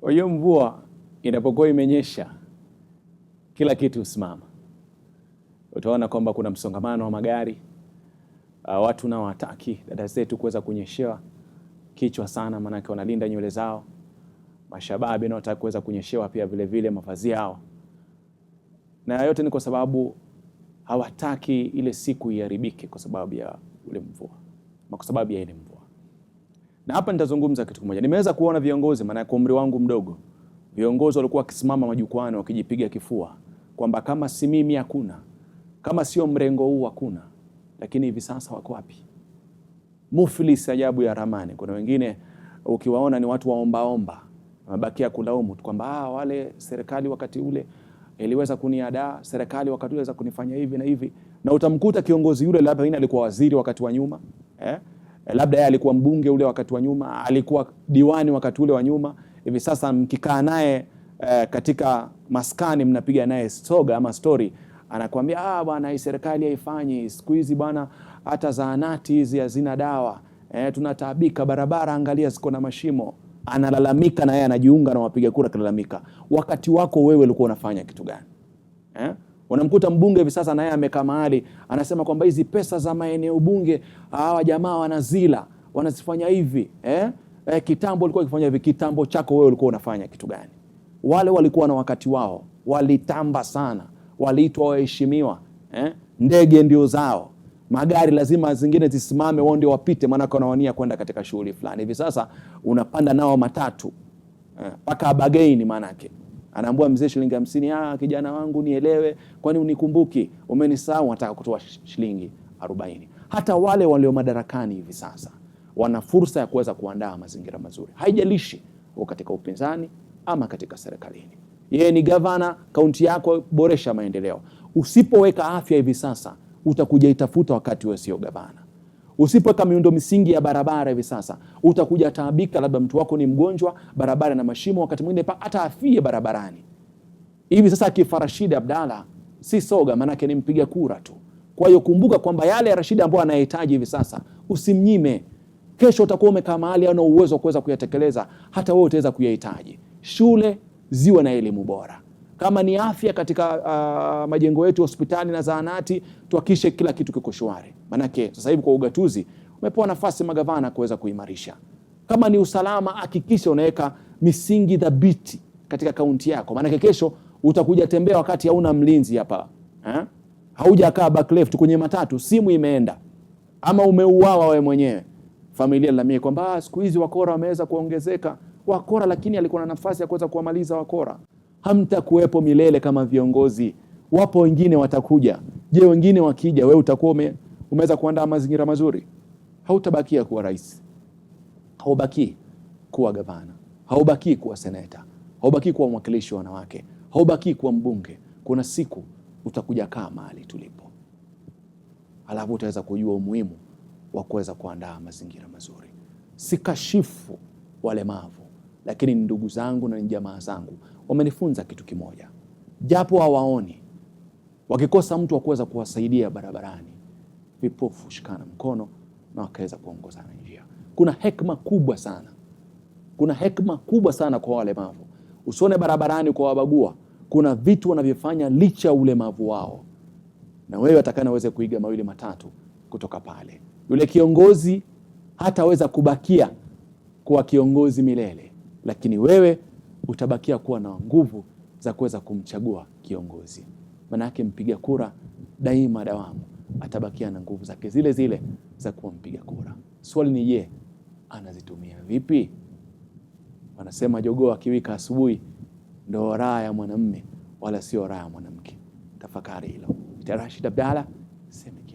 Kwa hiyo mvua inapokuwa imenyesha, kila kitu husimama. Utaona kwamba kuna msongamano wa magari, uh, watu nao wataki dada zetu kuweza kunyeshewa kichwa sana, maanake wanalinda nywele zao. Mashababi nao wataki kuweza kunyeshewa pia vile vile mavazi yao, na yote ni kwa sababu hawataki ile siku iharibike kwa sababu ya ule mvua, kwa sababu ya ile mvua. Na hapa nitazungumza kitu kimoja. Nimeweza kuona viongozi, maana kwa umri wangu mdogo, viongozi walikuwa wakisimama majukwani wakijipiga kifua kwamba kama si mimi hakuna, kama sio mrengo huu hakuna. Lakini hivi sasa wako wapi? Muflis ajabu ya ramani. Kuna wengine ukiwaona ni watu waombaomba, wamebakia kulaumu kwamba ah, wale serikali wakati ule iliweza kuniadaa, serikali wakati ule iliweza kunifanya hivi na hivi, na utamkuta kiongozi yule labda alikuwa waziri wakati wa nyuma eh? Eh, labda yeye alikuwa mbunge ule wakati wa nyuma, alikuwa diwani wakati ule wa nyuma, hivi sasa mkikaa naye e, katika maskani mnapiga naye soga ama story, anakuambia ah, bwana hii serikali haifanyi siku hizi bwana, hata zahanati hizi hazina dawa e, tunataabika, barabara angalia ziko na mashimo. Analalamika na yeye anajiunga na wapiga kura, akilalamika. Wakati wako wewe ulikuwa unafanya kitu gani eh? Unamkuta mbunge hivi sasa naye amekaa mahali anasema kwamba hizi pesa za maeneo bunge hawa jamaa wanazila, wanazifanya hivi eh? Eh, kitambo ulikuwa ukifanya hivi. Kitambo chako wewe ulikuwa unafanya kitu gani? Wale walikuwa na wakati wao, walitamba sana, waliitwa waheshimiwa eh? Ndege ndio zao, magari lazima zingine zisimame, wao ndio wapite, maanake wanawania kwenda katika shughuli fulani. Hivi sasa unapanda nao matatu eh, mpaka eh, bagaini maanake anaambua mzee shilingi hamsini. Ah, kijana wangu nielewe, kwani unikumbuki? Umenisahau, nataka kutoa shilingi arobaini. Hata wale walio madarakani hivi sasa wana fursa ya kuweza kuandaa mazingira mazuri, haijalishi uko katika upinzani ama katika serikalini. Yeye ni gavana, kaunti yako boresha maendeleo. Usipoweka afya hivi sasa utakuja itafuta wakati wewe sio gavana. Usipoweka miundo misingi ya barabara hivi sasa, utakuja taabika, labda mtu wako ni mgonjwa, barabara na mashimo, wakati mwingine hata afie barabarani. Hivi sasa akifa Rashid Abdalla si soga, maanake ni mpiga kura tu. Kwa hiyo kumbuka kwamba yale ya Rashid ambayo anahitaji hivi sasa usimnyime. Kesho utakuwa umekaa mahali ana uwezo wa kuweza kuyatekeleza, hata wewe utaweza kuyahitaji. Shule ziwe na elimu bora, kama ni afya katika uh, majengo yetu hospitali na zahanati, tuhakishe kila kitu kiko shwari. Manake sasa hivi kwa ugatuzi umepewa nafasi magavana kuweza kuimarisha. Kama ni usalama, hakikisha unaweka misingi dhabiti katika kaunti yako, maanake kesho utakuja tembea wakati hauna mlinzi hapa ha? Haujakaa back left kwenye matatu, simu imeenda ama umeuawa wewe mwenyewe. Familia lalamie kwamba ah, siku hizi wakora wameweza kuongezeka. Wakora lakini alikuwa na nafasi ya kuweza kuwamaliza wakora. Hamtakuwepo milele kama viongozi, wapo wengine watakuja. Je, wengine wakija, wewe utakuwa ume umeweza kuandaa mazingira mazuri, hautabakia kuwa rais, haubakii kuwa gavana, haubakii kuwa seneta, haubakii kuwa mwakilishi wa wanawake, haubakii kuwa mbunge. Kuna siku utakuja kaa mahali tulipo, alafu utaweza kujua umuhimu wa kuweza kuandaa mazingira mazuri. Sikashifu walemavu, lakini ni ndugu zangu na ni jamaa zangu wamenifunza kitu kimoja, japo hawaoni, wakikosa mtu wa kuweza kuwasaidia barabarani vipofu shikana mkono na wakaweza kuongozana njia. Kuna hekma kubwa sana, kuna hekma kubwa sana kwa walemavu. Usione barabarani kwa wabagua, kuna vitu wanavyofanya licha ya ulemavu wao, na wewe atakana uweze kuiga mawili matatu kutoka pale. Yule kiongozi hataweza kubakia kuwa kiongozi milele, lakini wewe utabakia kuwa na nguvu za kuweza kumchagua kiongozi. Maana yake mpiga kura daima dawamu atabakia na nguvu zake zile zile za kuwa mpiga kura. Swali ni je, anazitumia vipi? Wanasema jogoo akiwika asubuhi ndo raha ya mwanamme, wala sio raha ya mwanamke. Tafakari hilo. Rashid Abdalla, sema